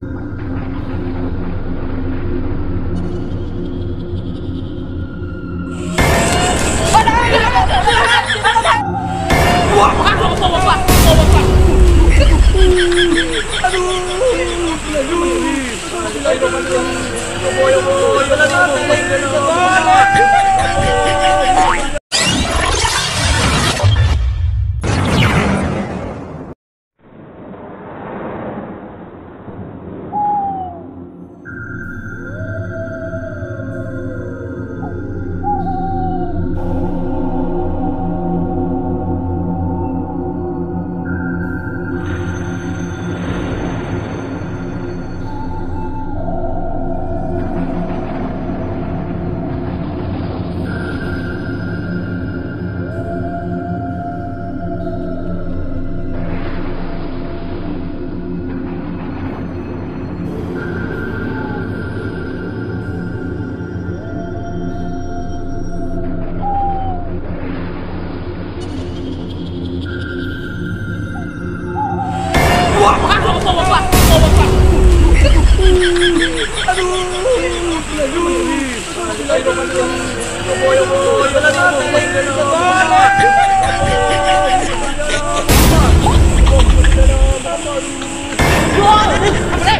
Aduh. Aduh. Aduh. Aduh. Aduh. Aduh. Aduh. Aduh. Aduh. Aduh. Aduh. Wah, makan gua mau makan, mau makan. Aduh. Aduh. Aduh.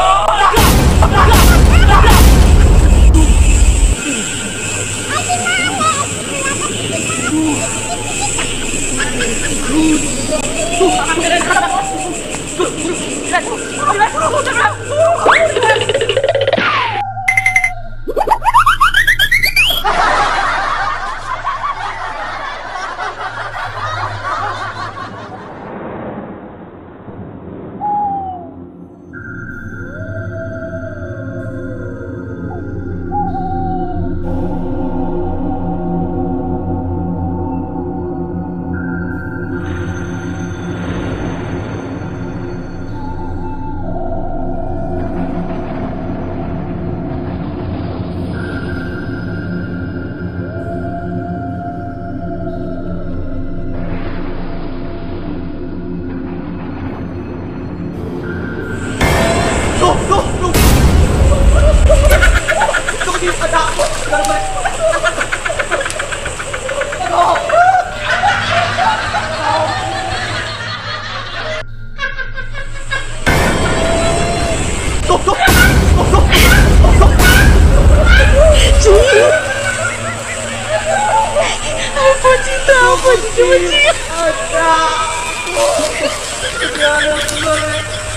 ¡Qué